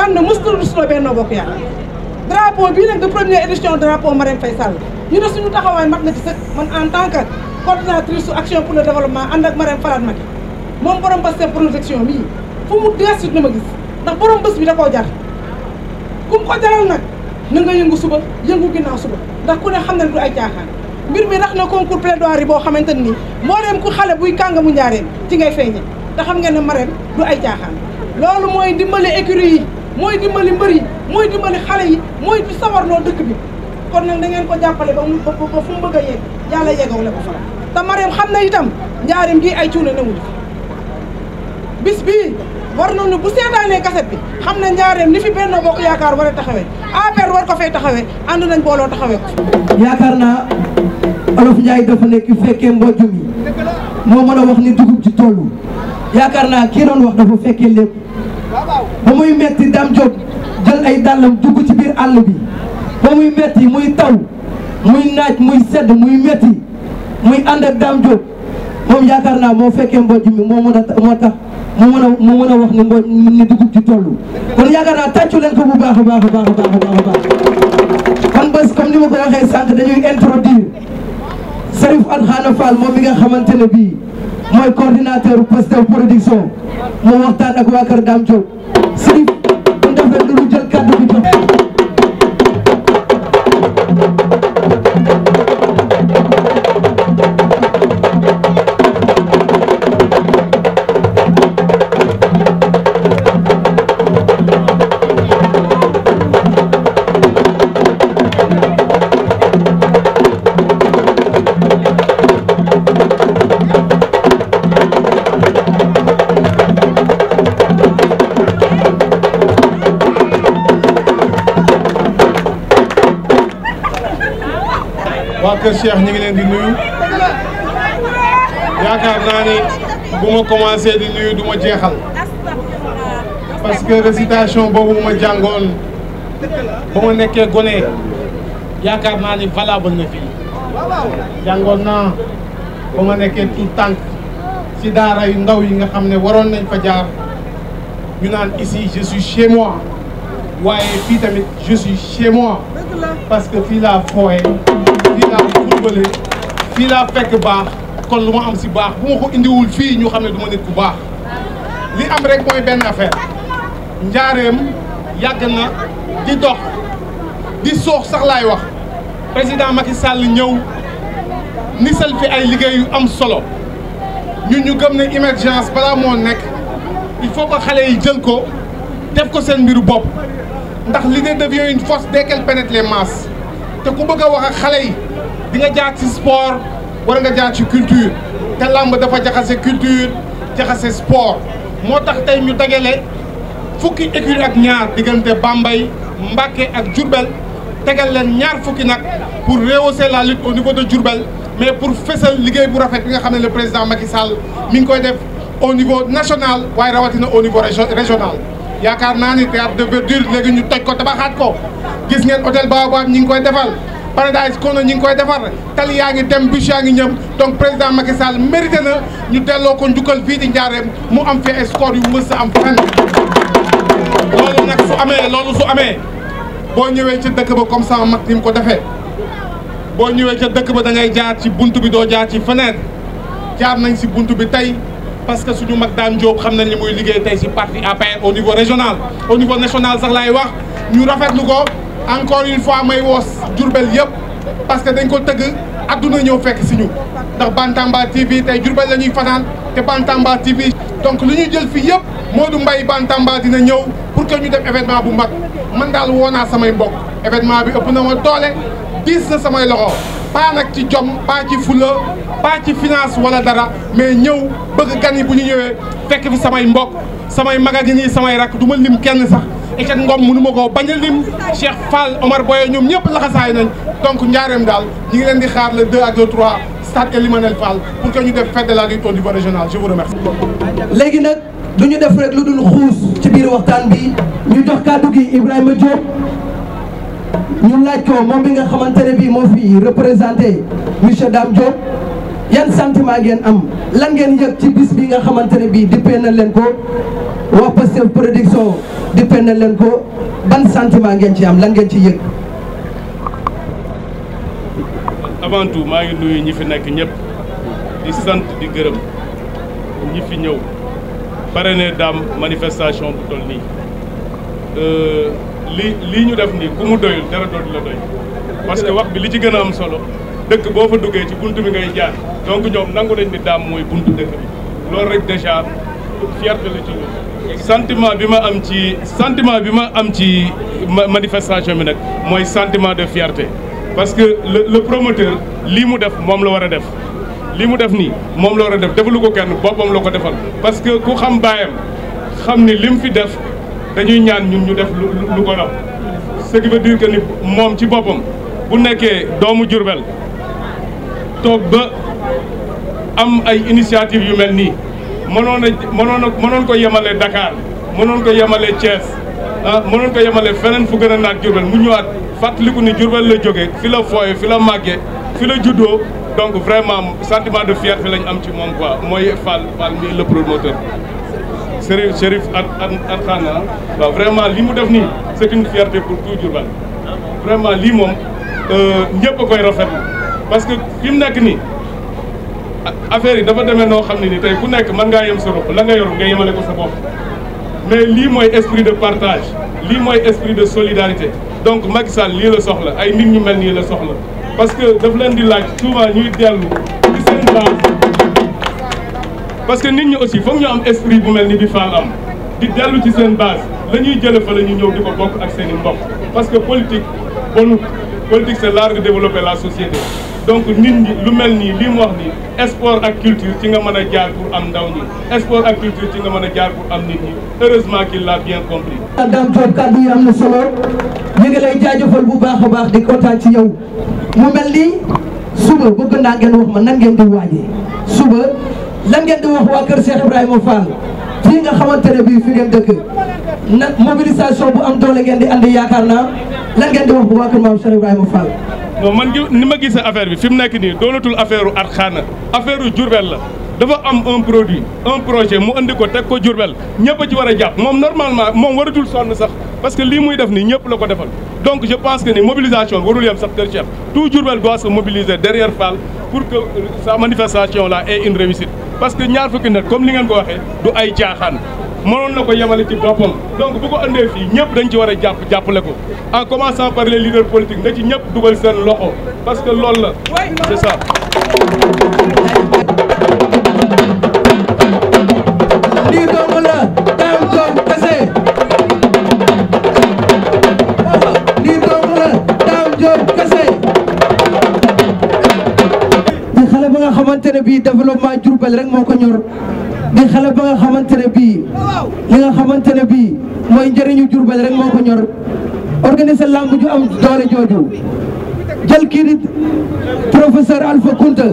daan na mësul rusloo Benno Bokk Yaakaar drapeau bii nag de première édition drapeau Marème ñu ne suñu taxawaay mat na ci sëkk man en tant que coordinatrice su action pour le développement ànd ak Marème Faye Macky moom borom bés seen protection bii fu mu desit na ma gis ndax borom bés bi da koo jar ku ko jaral nag na nga yëngu suba yëngu ginnaaw suba ndax ku ne xam na ne du ay caaxaan mbir mi rax na concours plaidoirie boo xamante ni mbooleem ku xale buy kàngamu njaareen ci ngay feeñe te xam ngeen ne Marème du ay caaxaan mooy dimbali mbër yi mooy dimbali xale yi mooy di sawarloo dëkk bi kon nag da ngeen ko jàppale ba mu ba fu mu bëgg a yegg yàlla yeggawule ko fa te Marème xam na itam njaarim gi ay cuune newul bis bii war nañu bu seetaanee kaset bi xam ne njaareem ni fi Benno ko Yaakaar war a taxawee APR war ko fay taxawee ànd nañ booloo taxawee ko. yaakaar naa olof Ndiaye dafa nekk bu fekkee mbojj mi moo mën a wax ni dugub ji tollu yaakaar naa kii doon wax dafa fekkee lépp. ba muy metti Dame Diop jël ay dàllam dugg ci biir àll bi ba muy metti muy taw muy naaj muy sedd muy metti muy ànd ak Dame Diop moom yaakaar naa moo fekkee mboj mi moo mën a moo tax mu mën a mu mën a wax ni mboj ni dugub ji toll kon yaakaar naa tàccu leen ko bu baax a baax a baax a baax a baax kon bés comme ni ma ko waxee sànq dañuy introduire Serif Anxaana Fall moom bi nga xamante ne bii mooy coordinateur Pastef production mu waxtaan ak waa Kër Dame Diop waa Kër Cheikh ñu ngi leen di nuyu yaakaar naa ni bu ma commencé di nuyu du ma jeexal parce que récitation boobu ma jàngoon ba ma nekkee gone yaakaar naa ni valable na jàngoon naa ba ma nekkee tout tànk ci daara yu ndaw yi nga xam ne waroon nañ fa jaar ñu naan ici je suis waaye fii tamit je suis parce que fii laa fooye dimbalee fii laa fekk baax kon lu ma am si baax bu ma ko indiwul fii ñu xam ne du ma nit ku baax li am rek mooy benn affaire njaareem yàgg na di dox di soox sax laay wax président Macky Sall ñëw nisal fi ay liggéey yu am solo ñun ñu gëm ne émergence balaa moo nekk il faut que xale yi jël ko def ko seen mbiru bopp ndax li devient une force dès qu'elle pénètre les masses te ku bëgg a wax ak xale yi di nga jaar si sport war nga jaar ci culture te làmb dafa jaxase culture jaxase sport moo tax tey ñu dagale fukki écurie ak ñaar diggante Bambey Mbacké ak Diourbel tegal leen ñaar fukki nag pour rehausser la lutte au niveau de Diourbel mais pour fësal liggéey bu rafet bi nga xam ne le président Macky Sall mi ngi koy def au niveau national waaye rawatina au niveau régional yaakaar naa ni théâtre de verdure léegi ñu toj ko tabaxaat ko gis ngeen hôtel Baobab ñi ngi koy defal paradise kono ñi ngi koy defar tali yaa ngi dem bus yaa ngi ñëm donc président Macky Sall mérité na ñu delloo ko njukkal fii di njaareem mu am fee score yu mës a am fenn loolu nag su amee loolu su amee boo ñëwee ca dëkk ba comme sama mag ni mu ko defee boo ñëwee ca dëkk ba da ngay jaar ci bunt bi doo jaar ci fenêtre jaar nañ si bunt bi tey parce que suñu mag daan Diop xam nañ li muy liggéey tey si parti APR au niveau régional au niveau national sax laay wax ñu rafetlu ko encore une fois may woos Diourbel yëpp parce que dañ ko tëgg adduna ñëw fekk si ñu ndax Bantamba TV tey Diourbel la ñuy fanaan te Bantamba TV donc li ñuy jël fii yëpp Modou Mbaye Bantamba dina ñëw pour que ñu def événement bu mag man daal woo naa samay mbokk événement bi ëpp na ma doole diis na samay loxo pas nag ci jom pas ci fula paa ci finance wala dara mais ñëw bëgg gan bu ñu ñëwee fekk fi samay mbok samay magasins yi samay rakk du ma lim kenn sax. Eket Ngom mënuma ma koo bañ a lim Cheikh Fall Omar Boye ñoom ñëpp laxasaay nañ donc njaareem daal ñu ngi leen di xaar le 2 ak le 3 stade Elimanel Fall pour que ñu def fête de la lutte au niveau régional je vous léegi nag du ñu def rek lu dul xuus ci biir waxtaan bi ñu jox kàddu gi Ibrahima Diop ñu laaj ko moom bi nga xamante ne bii moo fi représenté monsieur Dame Diop yan sentiment ngeen am lan ngeen yëg ci bis bi nga xamante ne bii dippee na leen ko waa Pastef Production. dippee na leen ko ban sentiment ngeen ci am lan ngeen ci yëg. avant tout maa ngi nuyu ñi fi nekk ñëpp di sant di gërëm ñi fi ñëw pare ne daam manifestation bu toll nii euh, li lii ñu def nii ku mu doyul dara dootu la doy parce que wax bi li ci gën a am solo dëkk boo fa duggee ci bunt bi ngay jaar donc ñoom nangu nañ ni daam mooy buntu dëkk bi loolu rek déjà fierté la ci ñun sentiment bi ma am ci sentiment bi ma am ci manifestation bi nag mooy sentiment de fierté parce que le le promoteur lii mu def moom la war a def lii mu def nii moom la war a def defalu ko kenn boppam la ko defal parce que ku xam baayam xam ni li mu fi def dañuy ñaan ñun ñu def lu ko raw ce qui veut que ni moom ci boppam bu nekkee doomu Jurbel toog ba am ay initiative yu mel nii mënoon a mënoon a mënoon ko yemale Dakar mënoon ko yemale Thiès ah mënoon ko yemale feneen fu gën a naat Diourbel mu ñëwaat fàttaliku ni Diourbel la jógee fi la fooye fi la màggee la juddoo donc vraiment sentiment de fierté lañ am ci moom quoi mooy Fall Fall mii le promoteur. Chérif Chérif at at xanaa ah. waaw vraiment li mu def nii c'est une fierté pour vraiment lii moom euh, ñëpp a koy rafetlu parce que fi mu affaire yi dafa demee noo xam ne ni tey ku nekk mën ngaa yem sa bopp la nga yor nga yemale ko sa bopp mais lii mooy esprit de partage lii mooy esprit de solidarité donc Macky Sall lii la soxla ay nit ñu mel nii la soxla parce que daf leen di laaj souvent ñuy dellu ci seen base parce que nit ñi aussi foog ñu am esprit bu mel ni bi Fall am di dellu ci seen base la jële fa la ñuy ñëw di ko bokk ak seen i mbokk parce que politique bonut politique c'est l'art de la société donc nit ñi lu mel nii li mu wax nii sport ak culture ci nga mën a jaar pour am ndaw ñi sport ak culture ci nga mën a jaar pour am nit ñi heureusement qu'il l'a bien compris. Dame Diop kàddu yi am na solo ñu ngi lay jaajëfal bu baax a baax di kontaan ci yow mu mel nii suba bëgg naa ngeen wax ma nan ngeen di waajee suba lan ngeen di wax waa kër Cheikh Ibrahima Fall fii nga xamante ne bii fi ngeen dëkk na mobilisation bu am doole ngeen di ànd yaakaar naa lan ngeen di non man ni ma gisee affaire bi fi mu nekk nii doonatul affaire u Arxaana affaire u la dafa am un produit un projet mu andi ko teg ko Jurbel ñëpp ci war a jàpp moom normalement moom waratul sonn sax parce que lii muy def nii ñëpp la ko defal donc je pense que ni mobilisation warul yem sax Kër Cheikh tout Diourbel doit se mobiliser derrière Fall pour que euh, sa manifestation là ait une parce que ñaar fukki nit comme li ngeen ko waxee du ay caaxaan mënoon na ko yemale ci boppam donc bu ko andee fii ñëpp dañ war a jàpp jàppale ko en commençant par les leaders politiques na ci ñëpp dugal seen loxo parce que loolu la c'est ça. xamante ne bii développement Diourbel rek moo ko ñor di xale ba nga xamante ne bii li nga xamante ne bii mooy njëriñu Jurbel rek moo ko ñor organiser lamb ju am doole jooju jël kii di professeur Alpha Kunta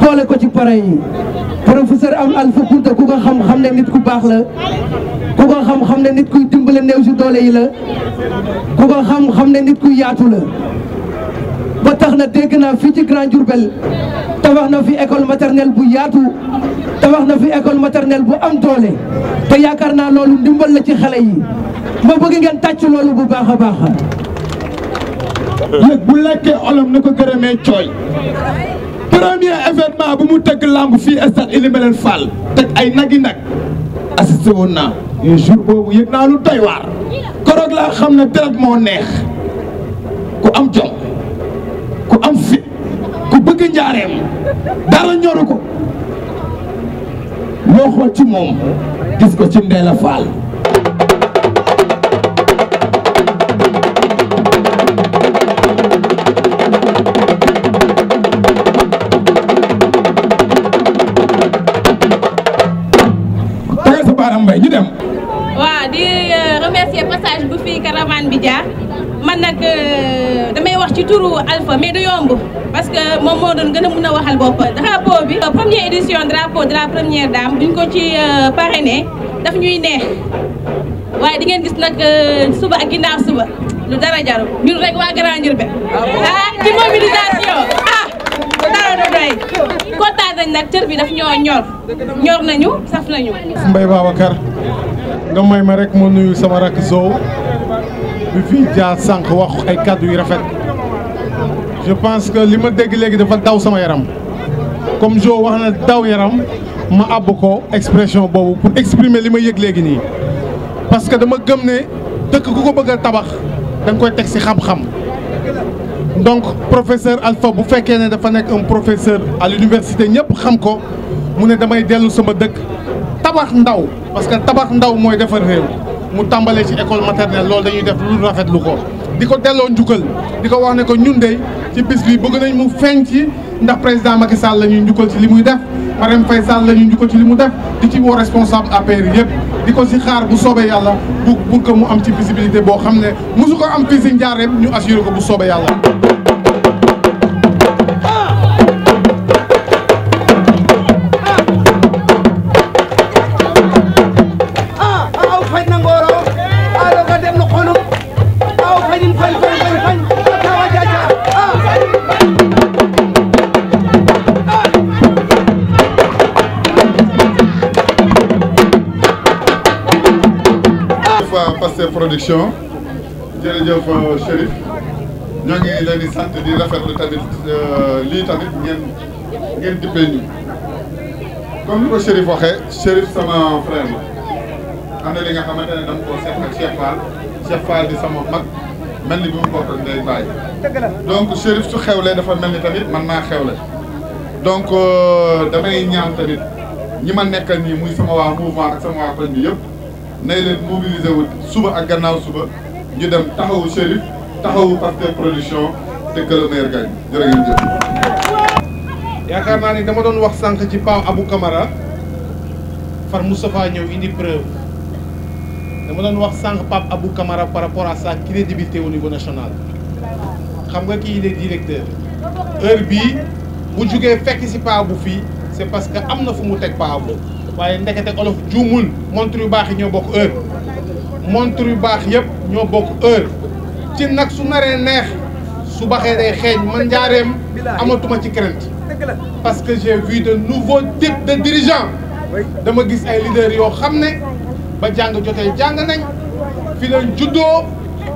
boole ko ci pare yi professeur am Alpha Kunta ku ko xam xam ne nit ku baax la ku ko xam xam ne nit kuy dimbale néew si doole yi la ku ko xam xam ne nit ku yaatu la ba tax na dégg naa fii ci Grand Diourbel tabax na fi école maternelle bu yaatu tabax na fi école maternelle bu am doole te yaakaar naa loolu ndimbal la ci xale yi ma bëgg ngeen tàcc loolu bu baax a baax. yëg bu lekkee olom na ko gërëmee cooy premier événement bu mu tëgg làmb fii stade Elimeleen Fall teg ay nagi nag assisté woon naa yooyu jour boobu yëg naa lu doy waar koroog laa xam ne deret moo neex ku am jom bëgg njaareem dara ñoru ko loo xool ci moom gis ko ci Ndella Fall waaw di euh, remercier passage bu fi caravane bi jaar man nag euh, damay wax ci turu Alpha mais du yomb parce que moom moo doon gën a mun a waxal bopp drapeau bi première édition drapeau de première dame duñ ko ci euh, parrainé daf ñuy neex waaye di ngeen gis nag euh, suba ak ginnaaw suba lu dara jaru ñun rek waa Grand Diourbel ah ci mobilisation ah dara du doy kontaan nañ nag cër bi daf ñoo ñor ñor nañu saf nañu Mbaye Babacar nga may ma rek mu nuyu sama rakk Sow bi fii jaar sànq wax ay kàddu yu rafet je pense que li ma dégg léegi dafa daw sama yaram comme Jo wax na daw yaram ma àbb ko expression boobu pour exprimer li ma yëg léegi nii parce que dama gëm ne dëkk ku ko bëgg tabax da koy teg ci xam-xam donc professeur Alpha bu fekkee ne dafa nekk un professeur à l'université ñëpp xam ko mu ne damay dellu sama dëkk tabax ndaw parce que tabax ndaw mooy defar réew mu tàmbalee ci école maternelle loolu dañuy def lu rafetlu ko di ko delloo njukkal di ko wax ne ko ñun de ci bis bi bëgg nañ mu feeñ ci ndax président Macky Sall la ñuy njukkal ci li muy def Marème Faye Sall la ñuy njukkal ci li mu def di ci woo responsable APR yëpp di ko si xaar bu soobee yàlla bu bëgg mu am ci visibilité boo xam ne su ko am fii si njaareem ñu assuré ko bu soobee yàlla. production jërëjëf euh, Chérif ñoo ngi leen di sant di rafetlu tamit euh, lii tamit ngeen ngeen dippee ñu comme ni ko Chérif waxee Chérif sama frère la am na li nga xamante ne dama ko seet ak Cheikh Fall Cheikh Fall di sama mag mel ni bi mu bokk ndey bàyyi donc Chérif su xew xewlee dafa mel ni tamit man maa xewle donc euh, damay ñaan tamit ñi ma nekk nii muy sama waa mouvement ak sama waa koñ bi yëpp nay leen mobiliser wu suba ak gannaaw suba ñu dem taxawu Chérif taxawu Pastef Production te que le yi gagne yaakaar naa ni dama doon wax sànq ci Pape Abou Camara far Moustapha ñëw indi preuve dama doon wax sànq Pape Abou Camara par rapport à sa crédibilité au niveau national xam nga kii il est directeur heure bii bu jugee fekk si Pape fii c'est parce que am na fu mu teg Pape waaye ndekete olof juumul montre yu baax yi ñoo bokk heure montre yu baax yëpp ñoo bokk heure ci nag su naree neex su baxee de xeeñ man njaareem amatuma ci crainte parce que j'ai vu de nouveaux types de dirigeants dama gis ay leaders yoo xam ne ba jàng jotee jàng nañ fi leen juddoo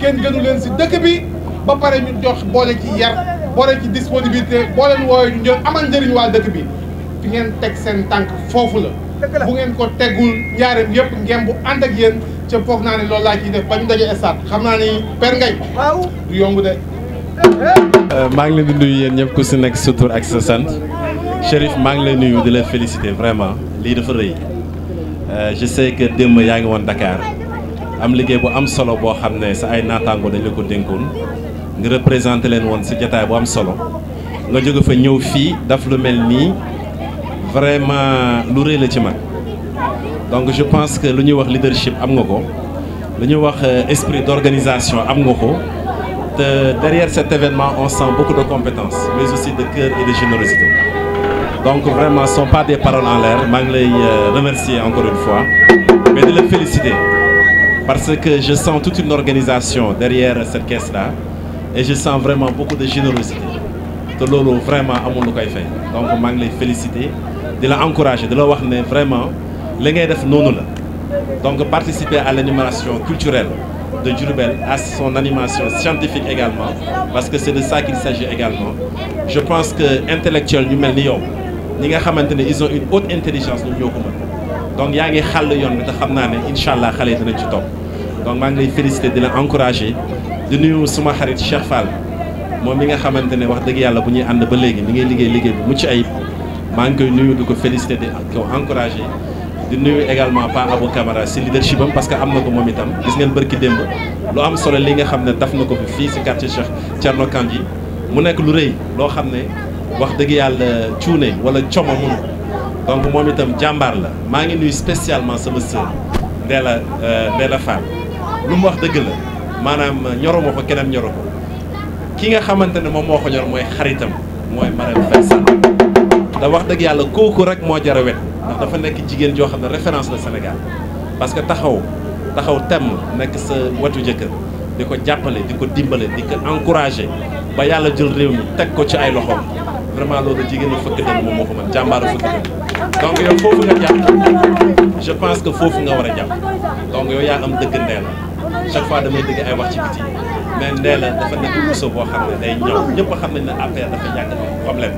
kenn gënu leen si dëkk bi ba pare ñu jox boole ci yar boole ci disponibilité boole ñu woowee ñu njël amal njëriñ waa dëkk bi bi ngeen teg seen tànk foofu la ko tegul njaareem yëpp ngeen ak yéen ca foog naa ne loolu laa ciy def ba ñu naa ni per ngay du yomb eh, eh. Euh, maa ngi leen du nuyu yéen ñëpp ku si nekk sa ak sa sant Chérif maa ngi leen nuyu di la féliciter vraiment lii dafa rëy euh, je sais démb yaa ngi woon Dakar am liggéey bu am solo boo xam ne sa ay naataango dañ la ko dénkoon nga représenté leen woon si jataay bu am solo nga jóge fa ñëw fii daf lu mel nii vraiment lu rëy la ci mag donc je pense que lu ñuy wax leadership am nga ko lu ñuy wax euh, esprit d'organisation am nga ko te derrière cet événement on sent beaucoup de compétence mais aussi de cœur et de générosité donc vraiment ce ne pas des paroles en l'air maa ngi lay euh, remercier encore une fois mais de le féliciter parce que je sens toute une organisation derrière cette caisse là et je sens vraiment beaucoup de générosité te loolu vraiment amul lu koy maa ngi lay féliciter dina la encourager di wax ne vraiment li ngay def noonu la donc participer à l'animation culturelle de Diourbel à son animation scientifique également parce que c'est de ça qu'il s'agit également je pense que intellectuel ñu mel ni yow ñi nga xamante ne ils ont une haute intelligence ñoom ñoo ko mën donc yaa ngi xàll yoon bi te xam naa ne incha allah xale yi dinañ ci topp donc maa ngi lay féliciter di la encourager di nuyu suma xarit Cheikh Fall moom mi nga xamante ne wax dëgg yàlla bu ñuy ànd ba léegi mi ngay liggéey liggéey bu mucc ayib maa ngi koy nuyu di ko félicité di ko encouragé di nuyu également Pa Abou Camara si leadership am parce que am na ko moom itam gis ngeen bërki démb lu am solo li nga xam ne daf na ko fi fii si quartier Cheikh Thierno Kandji mu nekk lu rëy loo xam ne wax dëgg yàlla cuune wala como mun donc moom itam jàmbaar la maa ngi nuyu spécialement sama sœur Ndella euh, Ndella Fall lu mu wax dëgg la maanaam ñoro ma keneen ñoro ko ki nga xamante ne moom moo ko mooy xaritam da wax dëgg yàlla kooku rek moo jar ndax dafa nekk jigéen joo xam ne référence la Sénégal parce que taxaw taxaw temm nekk sa wetu jëkkër di ko jàppale di ko dimbale di ko encouragé ba yàlla jël réew mi teg ko ci ay loxoom vraiment loolu jigéenu fëkk dem moom moo ko mën jàmbaaru fëkk dem donc yow foofu nga jàpp je pense que foofu nga war a jàpp donc yoo yaa am dëgg ndee la chaque fois damay dégg ay wax ci biti mais ndee la dafa nekk muso boo xam day ñëw ñëpp xam nañ ne affaire dafa yàgg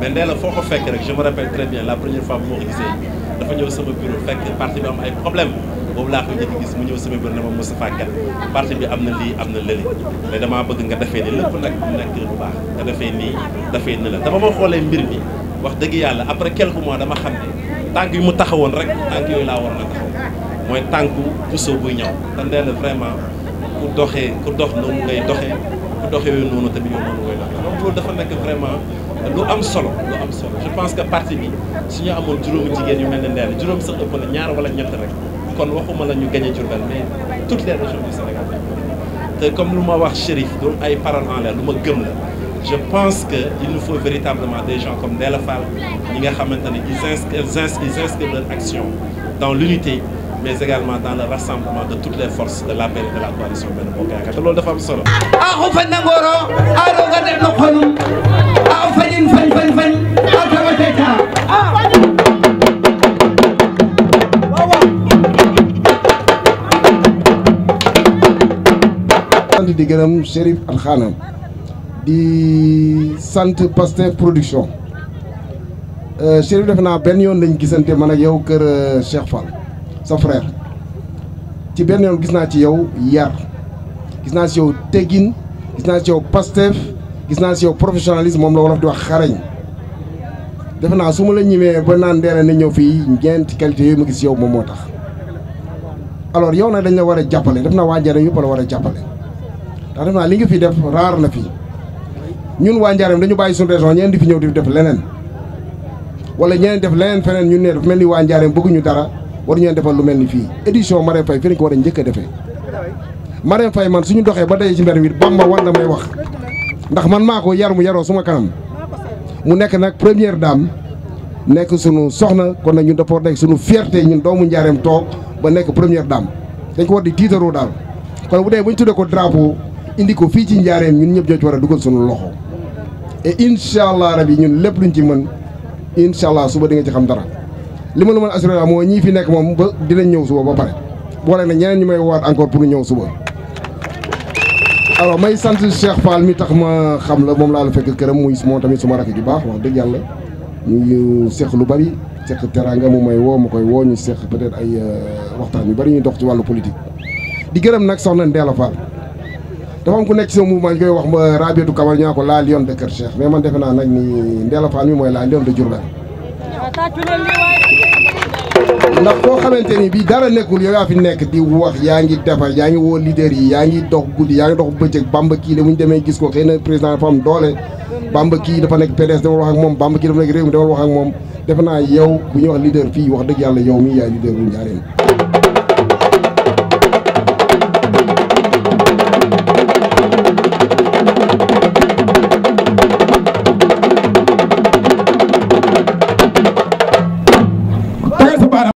mais ndee la foo ko fekk rek je me rappelle très bien la première fois bu ma ko gisee dafa ñëw sama bureau fekk parti bi am ay problème boobu laa ko njëkk gis mu ñëw sama bureau ne ma Moustapha Kane parti bi am na lii am na lële mais damaa bëgg nga defee ni lépp nag nekk lu baax nga defee nii defee ni la dama ma xoolee mbir mi wax dëgg yàlla après quelques mois dama xam ne tànk yu mu taxawoon rek tànk yooyu laa waroon a taxaw mooy tànku puso buy ñëw te ndee la vraiment ku doxee ku dox noonu ngay doxee ku doxee yooyu noonu tamit yow noonu lu am solo lu am solo je pense que parti bi su ñu amoon juróomi jigéen yu mel ne Ndella juróom sax ëpp na ñaar wala ñett rek kon waxuma la ñu gagné Diourbel mais toutes les régions du Sénégal te comme lu ma wax Chérif doon ay paroles en l'air lu ma gëm la je pense que il nous faut véritablement des gens comme Ndella Fall ñi nga xamante ne ils inscrivent leur action dans l'unité mais également dans le rassemblement de toutes les forces de l'appel de la coalition Benno Bokk di gërëm Chérif Alxaana di sant Pastef production euh, Chérif def naa benn yoon lañ gisante man ak yow kër euh, Cheikh Fall sa frère ci benn yoon gis naa ci yow yar gis naa ci yow teggin gis naa ci yow Pastef gis naa si yow professionnalisme moom la wolof di wax xarañ defe naa su ma la ñëwee ba naan deena na ñëw fii ñeenti qualité yooyu ma gis yow moom moo tax alors yow na dañ la war a jàppale def naa waa Njaareem yëpp la war a jàppale ndax def naa li nga fi def raar na fii ñun waa Njaareem dañu bàyyi suñu région ñeen di fi ñëw di def leneen wala ñeneen def leneen feneen ñun ne dafa mel ni waa Njaareem bëgguñu dara war ñeen defal lu mel ni fii édition Marème Faye fi lañ ko war a njëkk a defee Marème doxee ba daje ci mbedd mi Bamba war na wax ndax man maa ko yar mu yaroo suma kanam mu nekk nag première dame nekk sunu soxna kon nag ñun dafa nekk sunu fierté ñun doomu njaareem toog ba nekk première dame dañ ko di tiitaroo daal kon bu dee bu ñu tuddee ko drapeau indi ko fii ci njaareem ñun ñëpp ñoo ci war a dugal sunu loxo et incha allah yi ñun lépp luñ ci mën incha allah suba di nga ci xam dara li ma la mën assuré moo ñii fi nekk moom ba dinañ ñëw suba ba pare boole na ñeneen ñu may woowaat encore pour ñu ñëw suba. alors may sant Cheikh Fall mi tax ma xam la moom laa la fekk këram muy moo tamit suma rakk ju baax wax dëgg yàlla ñu euh, seq lu bari seq teraanga mu may woo ma koy woo ñu seq peut-être ay euh, waxtaan yu bari ñuy dox ci wàllu politique. di gërëm nag soxna Ndéla Fall dafa am ku nekk ci sa mouvement ñu koy wax ma euh, Rabiatou Kamara ñaa ko laal yoon de Kër Cheikh mais man defe naa nag ni Ndéla Fall mi mooy la lion de Diourbel. ndax koo xamante ni bii dara nekkul yow yaa fi nekk di wax yaa ngi defar yaa ngi woo leader yi yaa ngi dox guddi yaa ngi dox bëccëg bamba kii la bu ñu demee gis ko xëy na président dafa am doole bamba kii dafa nekk PDS dama wax ak moom bamba kii dafa nekk réew mi dama wax ak moom defe naa yow bu ñuy wax leader fii wax dëgg yàlla yow mii yaay leader bu